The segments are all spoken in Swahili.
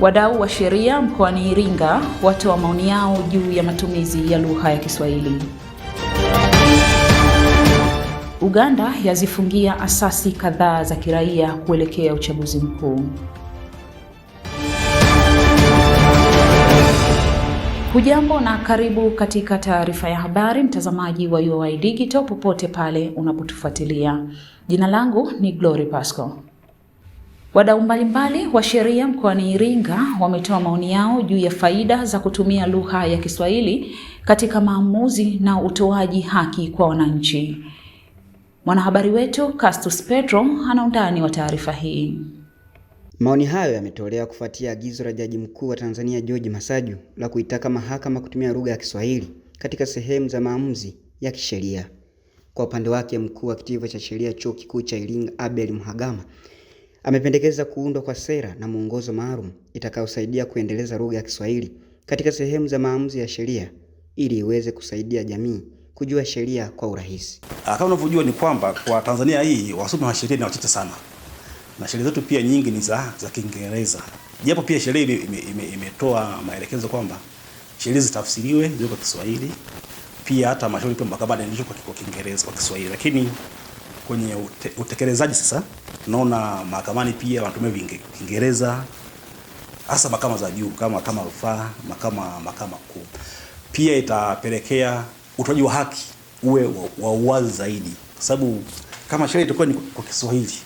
Wadau wa sheria mkoani Iringa watoa maoni yao juu ya matumizi ya lugha ya Kiswahili. Uganda yazifungia asasi kadhaa za kiraia kuelekea uchaguzi mkuu. Hujambo na karibu katika taarifa ya habari, mtazamaji wa UoI Digital popote pale unapotufuatilia. Jina langu ni Glory Pasco. Wadau mbalimbali wa sheria mkoani Iringa wametoa maoni yao juu ya faida za kutumia lugha ya Kiswahili katika maamuzi na utoaji haki kwa wananchi. Mwanahabari wetu Castus Petro ana undani wa taarifa hii. Maoni hayo yametolewa kufuatia agizo la Jaji Mkuu wa Tanzania George Masaju la kuitaka mahakama kutumia lugha ya Kiswahili katika sehemu za maamuzi ya kisheria. Kwa upande wake, mkuu wa kitivo cha sheria Chuo Kikuu cha Iringa Abel Mhagama Amependekeza kuundwa kwa sera na mwongozo maalum itakayosaidia kuendeleza lugha ya Kiswahili katika sehemu za maamuzi ya sheria ili iweze kusaidia jamii kujua sheria kwa urahisi. Ah, kama unavyojua ni kwamba kwa Tanzania hii wasomi wa sheria ni wachache sana, na sheria zetu pia nyingi ni za za Kiingereza, japo pia sheria imetoa ime, ime maelekezo kwamba sheria zitafsiriwe ziwe kwa Kiswahili, pia hata mashauri pia mahakamani kwa Kiingereza, kwa Kiswahili lakini kwenye ute, utekelezaji sasa tunaona mahakamani pia wanatumia Kiingereza hasa mahakama za juu kama mahakama rufaa, mahakama mahakama kuu. Pia itapelekea utoaji wa haki uwe wa uwazi zaidi, kwa sababu kama sheria itakuwa ni kwa Kiswahili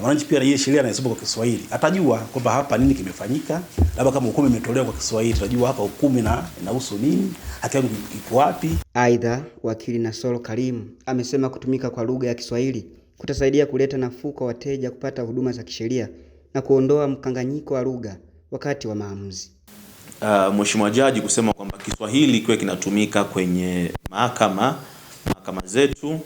na mwananchi pia yeye sheria anasoma kwa Kiswahili, atajua kwamba hapa nini kimefanyika, labda kama hukumu imetolewa kwa Kiswahili, atajua hapa hukumu na inahusu nini, haki yangu iko wapi. Aidha, wakili Nasoro Karim amesema kutumika kwa lugha ya Kiswahili kutasaidia kuleta nafuu kwa wateja kupata huduma za kisheria na kuondoa mkanganyiko wa lugha wakati wa maamuzi. Uh, Mheshimiwa Jaji kusema kwamba Kiswahili kiwe kinatumika kwenye mahakama mahakama zetu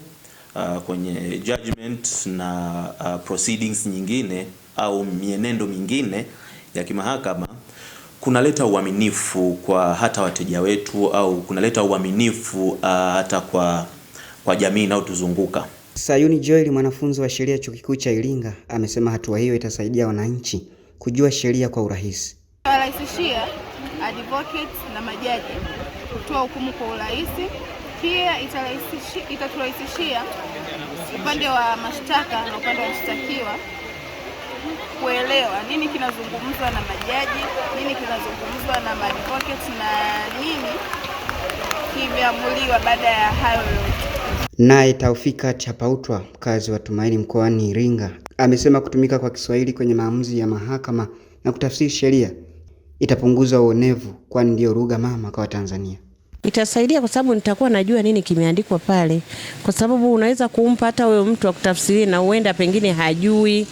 uh, kwenye judgment na uh, proceedings nyingine au mienendo mingine ya kimahakama kunaleta uaminifu kwa hata wateja wetu au kunaleta uaminifu uh, hata kwa, kwa jamii inayotuzunguka. Sayuni Joel, mwanafunzi wa sheria chuo kikuu cha Iringa, amesema hatua hiyo itasaidia wananchi kujua sheria kwa urahisi, warahisishia advocates na majaji kutoa hukumu kwa urahisi. Pia itaturahisishia upande wa mashtaka na upande wa mshtakiwa kuelewa nini kinazungumzwa na majaji, nini kinazungumzwa na maadvocate na nini kimeamuliwa baada ya hayo yote. Naye Taufika Chapautwa, mkazi wa Tumaini mkoani Iringa, amesema kutumika kwa Kiswahili kwenye maamuzi ya mahakama na kutafsiri sheria itapunguza uonevu, kwani ndiyo lugha mama kwa Watanzania. Itasaidia kwa sababu nitakuwa najua nini kimeandikwa pale, kwa sababu unaweza kumpa hata huyo mtu akutafsirie, na uenda pengine hajui.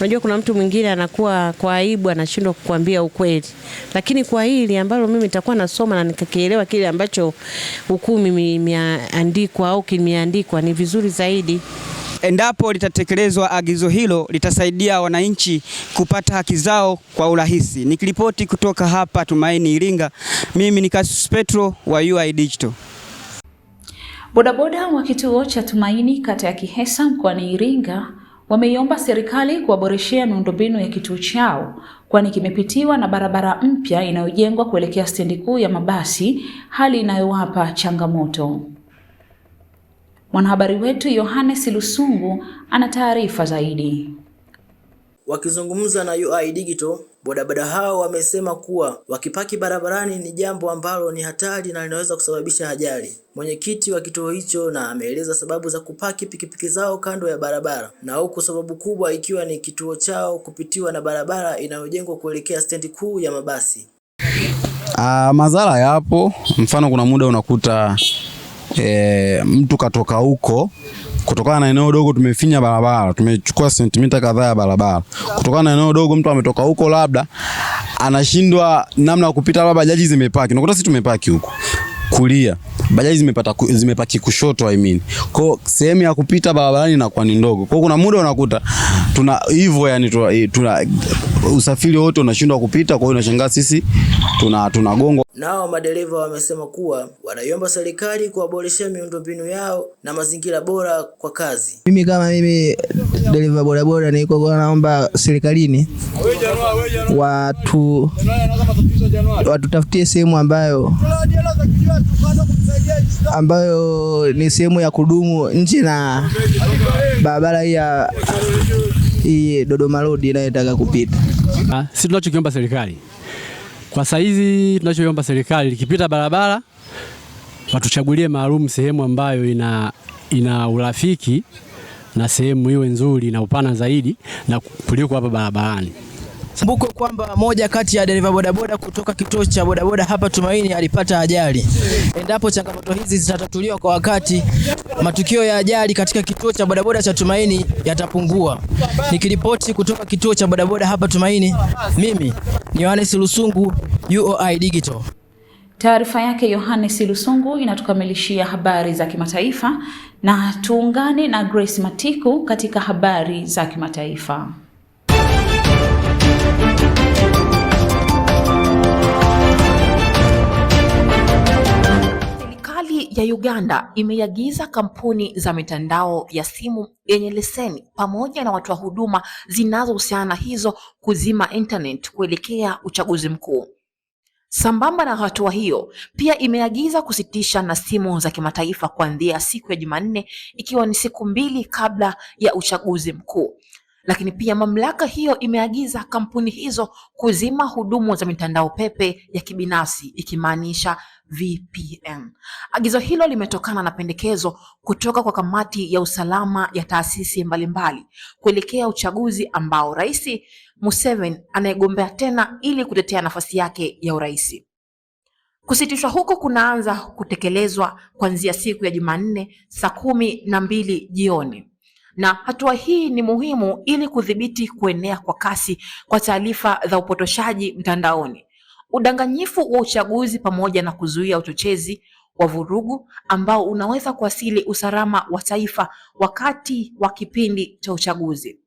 Unajua kuna mtu mwingine anakuwa kwa aibu anashindwa kukwambia ukweli, lakini kwa hili ambalo mimi nitakuwa nasoma na nikakielewa kile ambacho hukumu imeandikwa au kimeandikwa, ni vizuri zaidi. Endapo litatekelezwa agizo hilo, litasaidia wananchi kupata haki zao kwa urahisi. Nikiripoti kutoka hapa Tumaini Iringa, mimi ni Cassius Petro wa UoI Digital. Bodaboda wa kituo cha Tumaini kata ya Kihesa mkoani Iringa wameiomba serikali kuwaboreshea miundombinu ya kituo chao kwani kimepitiwa na barabara mpya inayojengwa kuelekea stendi kuu ya mabasi, hali inayowapa changamoto. Mwanahabari wetu Yohanes Lusungu ana taarifa zaidi. Wakizungumza na UoI Digital, bodaboda hao wamesema kuwa wakipaki barabarani ni jambo ambalo ni hatari na linaweza kusababisha ajali. Mwenyekiti wa kituo hicho na ameeleza sababu za kupaki pikipiki zao kando ya barabara, na huku sababu kubwa ikiwa ni kituo chao kupitiwa na barabara inayojengwa kuelekea stendi kuu ya mabasi. Ah, madhara yapo, mfano kuna muda unakuta e, mtu katoka huko kutokana na eneo dogo, tumefinya barabara, tumechukua sentimita kadhaa ya barabara. Kutokana na eneo dogo, mtu ametoka huko, labda anashindwa namna ya kupita, labda bajaji zimepaki, nakuta sisi tumepaki huko kulia bajaji zimepata zimepaki kushoto, I mean kwa sehemu ya kupita barabarani inakuwa ni ndogo. Kwa kuna muda unakuta tuna hivyo yani tuna, tuna usafiri wote unashindwa kupita, kwa hiyo unashangaa sisi tuna tunagongwa. Nao madereva wamesema kuwa wanaiomba serikali kuwaboreshea miundombinu yao na mazingira bora kwa kazi. Mimi kama mimi dereva bodaboda niko naomba serikalini watu watutafutie sehemu ambayo ambayo ni sehemu ya kudumu nje na barabara hii ya Dodoma Road inayotaka kupita. Ah, si tunachokiomba serikali kwa saizi, tunachoiomba serikali likipita barabara watuchagulie maalum sehemu ambayo ina, ina urafiki na sehemu iwe nzuri na upana zaidi na kuliko hapa barabarani. Kumbuko kwamba moja kati ya dereva bodaboda kutoka kituo cha bodaboda hapa Tumaini alipata ajali. Endapo changamoto hizi zitatatuliwa kwa wakati, matukio ya ajali katika kituo cha bodaboda cha Tumaini yatapungua. Nikiripoti kutoka kituo cha bodaboda hapa Tumaini, mimi ni Yohanes Lusungu, UOI Digital. Taarifa yake Yohanes Lusungu inatukamilishia habari za kimataifa na tuungane na Grace Matiku katika habari za kimataifa. Serikali ya Uganda imeagiza kampuni za mitandao ya simu yenye leseni pamoja na watoa huduma zinazohusiana na hizo kuzima internet kuelekea uchaguzi mkuu. Sambamba na hatua hiyo, pia imeagiza kusitisha na simu za kimataifa kuanzia siku ya Jumanne, ikiwa ni siku mbili kabla ya uchaguzi mkuu, lakini pia mamlaka hiyo imeagiza kampuni hizo kuzima huduma za mitandao pepe ya kibinafsi ikimaanisha VPN. Agizo hilo limetokana na pendekezo kutoka kwa kamati ya usalama ya taasisi mbalimbali kuelekea uchaguzi ambao Rais Museveni anayegombea tena ili kutetea nafasi yake ya urais. Kusitishwa huko kunaanza kutekelezwa kuanzia siku ya Jumanne saa kumi na mbili jioni na hatua hii ni muhimu ili kudhibiti kuenea kwa kasi kwa taarifa za upotoshaji mtandaoni, udanganyifu wa uchaguzi, pamoja na kuzuia uchochezi wa vurugu ambao unaweza kuasili usalama wa taifa wakati wa kipindi cha uchaguzi.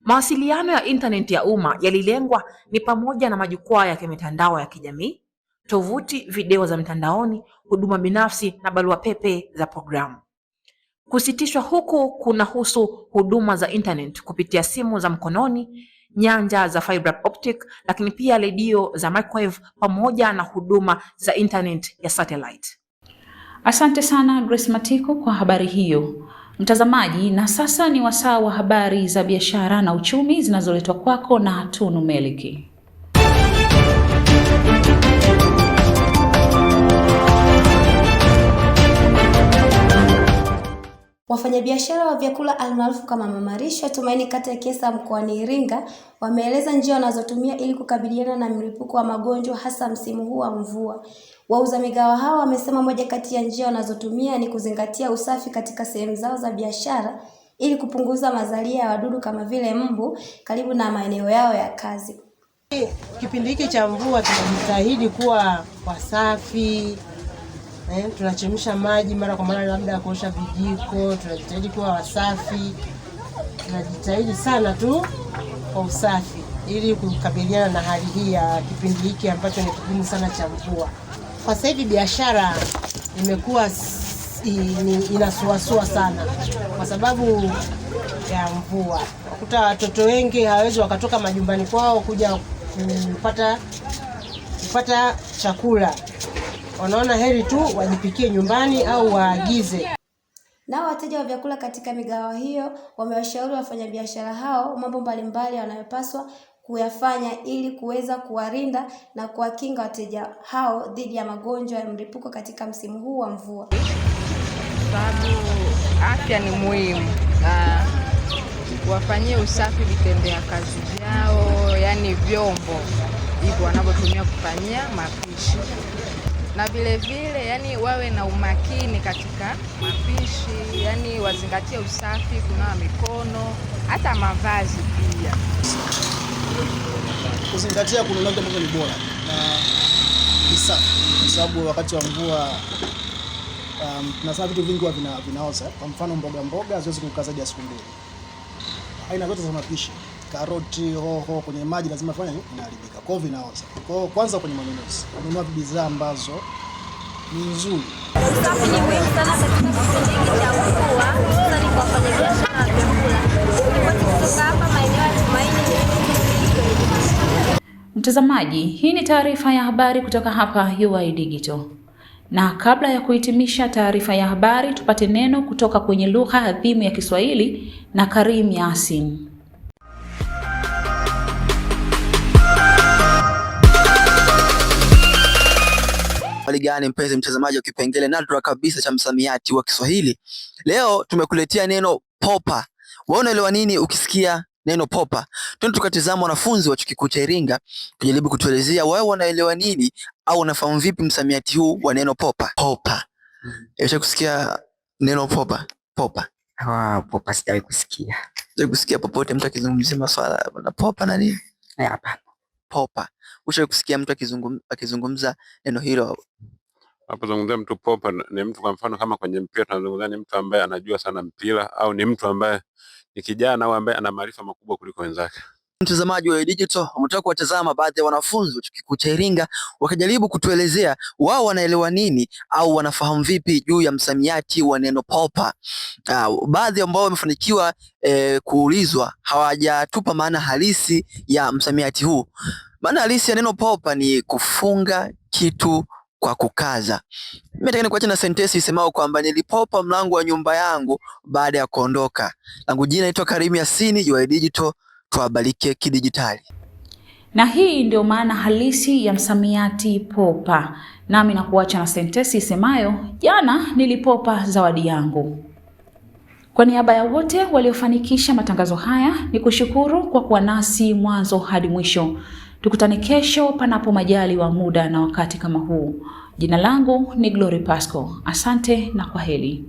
Mawasiliano ya intaneti ya umma yalilengwa ni pamoja na majukwaa ya kimitandao ya kijamii, tovuti, video za mtandaoni, huduma binafsi na barua pepe za programu. Kusitishwa huku kunahusu huduma za internet kupitia simu za mkononi, nyanja za fiber optic, lakini pia redio za microwave pamoja na huduma za internet ya satellite. Asante sana Grace Matiko kwa habari hiyo. Mtazamaji, na sasa ni wasaa wa habari za biashara na uchumi zinazoletwa kwako na Tunu Meliki. Wafanyabiashara wa vyakula almaarufu kama Mama Lishe Tumaini kata ya Kiesa mkoani Iringa wameeleza njia wanazotumia ili kukabiliana na mlipuko wa magonjwa hasa msimu huu wa mvua. Wauza migawa hao wamesema moja kati ya njia wanazotumia ni kuzingatia usafi katika sehemu zao za biashara ili kupunguza mazalia ya wadudu kama vile mbu karibu na maeneo yao ya kazi. Kipindi hiki cha mvua tunajitahidi kuwa wasafi eh, tunachemsha maji mara kwa mara, labda kuosha vijiko. Tunajitahidi kuwa wasafi, tunajitahidi sana tu kwa usafi ili kukabiliana na hali hii ya kipindi hiki ambacho ni kigumu sana cha mvua. Kwa sasa hivi biashara imekuwa inasuasua sana kwa sababu ya mvua. Wakuta watoto wengi hawawezi wakatoka majumbani kwao kuja kupata kupata chakula wanaona heri tu wajipikie nyumbani au waagize. Nao wateja wa vyakula katika migahawa hiyo wamewashauri wafanyabiashara hao mambo mbalimbali wanayopaswa kuyafanya ili kuweza kuwarinda na kuwakinga wateja hao dhidi ya magonjwa ya mlipuko katika msimu huu wa mvua, sababu afya ni muhimu. Wafanyie usafi vitendea kazi vyao, yani vyombo hivyo wanavyotumia kufanyia mapishi na vilevile yani wawe na umakini katika mapishi, yani wazingatie usafi, kunawa mikono, hata mavazi pia, kuzingatia kununua vitu ambavyo ni bora na ni safi, kwa sababu wakati wa mvua um, tunasema vitu vingi vina, vinaoza. Kwa mfano mboga mboga haziwezi kukaa zaidi ya siku mbili, aina zote za mapishi karoti, hoho kwenye maji lazima fanya inaharibika, kwa hivyo vinaoza. Kwa hiyo kwanza kwenye manunuzi, nunua bidhaa ambazo ni nzuri. Mtazamaji, hii ni taarifa ya habari kutoka hapa UoI Digital. Na kabla ya kuhitimisha taarifa ya habari, tupate neno kutoka kwenye lugha adhimu ya Kiswahili na Karim Yasin. Hali gani mpenzi mtazamaji wa kipengele nadra kabisa cha msamiati wa Kiswahili, leo tumekuletea neno popa. Wewe unaelewa nini ukisikia neno popa? Twende tukatizama wanafunzi wa chuo kikuu cha Iringa kujaribu kutuelezea wewe unaelewa nini au unafahamu vipi msamiati huu wa neno popa. Popa, Mm. Eh, umesha kusikia neno popa? Popa, ah, popa sijawahi kusikia, sijawahi kusikia popote mtu akizungumzia masuala na popa na nini. Eh, hapana, popa Ushawahi kusikia mtu akizungum, akizungumza neno hilo? Unapozungumzia mtu popa ni mtu, kwa mfano kama kwenye mpira tunazungumzia ni mtu ambaye anajua sana mpira, au ni mtu ambaye ni kijana au ambaye ana maarifa makubwa kuliko wenzake. Mtazamaji wa digital umetoka kuwatazama baadhi ya wanafunzi wa chuo kikuu cha Iringa wakijaribu kutuelezea wao wanaelewa nini au wanafahamu vipi juu ya msamiati wa neno popa. Uh, baadhi ambao wamefanikiwa eh, kuulizwa hawajatupa maana halisi ya msamiati huu. Maana halisi ya neno popa ni kufunga kitu kwa kukaza. Mimi nataka nikuache na sentensi isemao kwamba nilipopa mlango wa nyumba yangu baada ya kuondoka. Langu jina naitwa Karim Yasin, UoI Digital, tuabalike kidijitali. Na hii ndio maana halisi ya msamiati popa. Nami nakuacha na sentensi isemayo jana nilipopa zawadi yangu. Kwa niaba ya wote waliofanikisha matangazo haya, ni kushukuru kwa kuwa nasi mwanzo hadi mwisho. Tukutane kesho panapo majali wa muda na wakati kama huu. Jina langu ni Glory Pasco. Asante na kwaheri.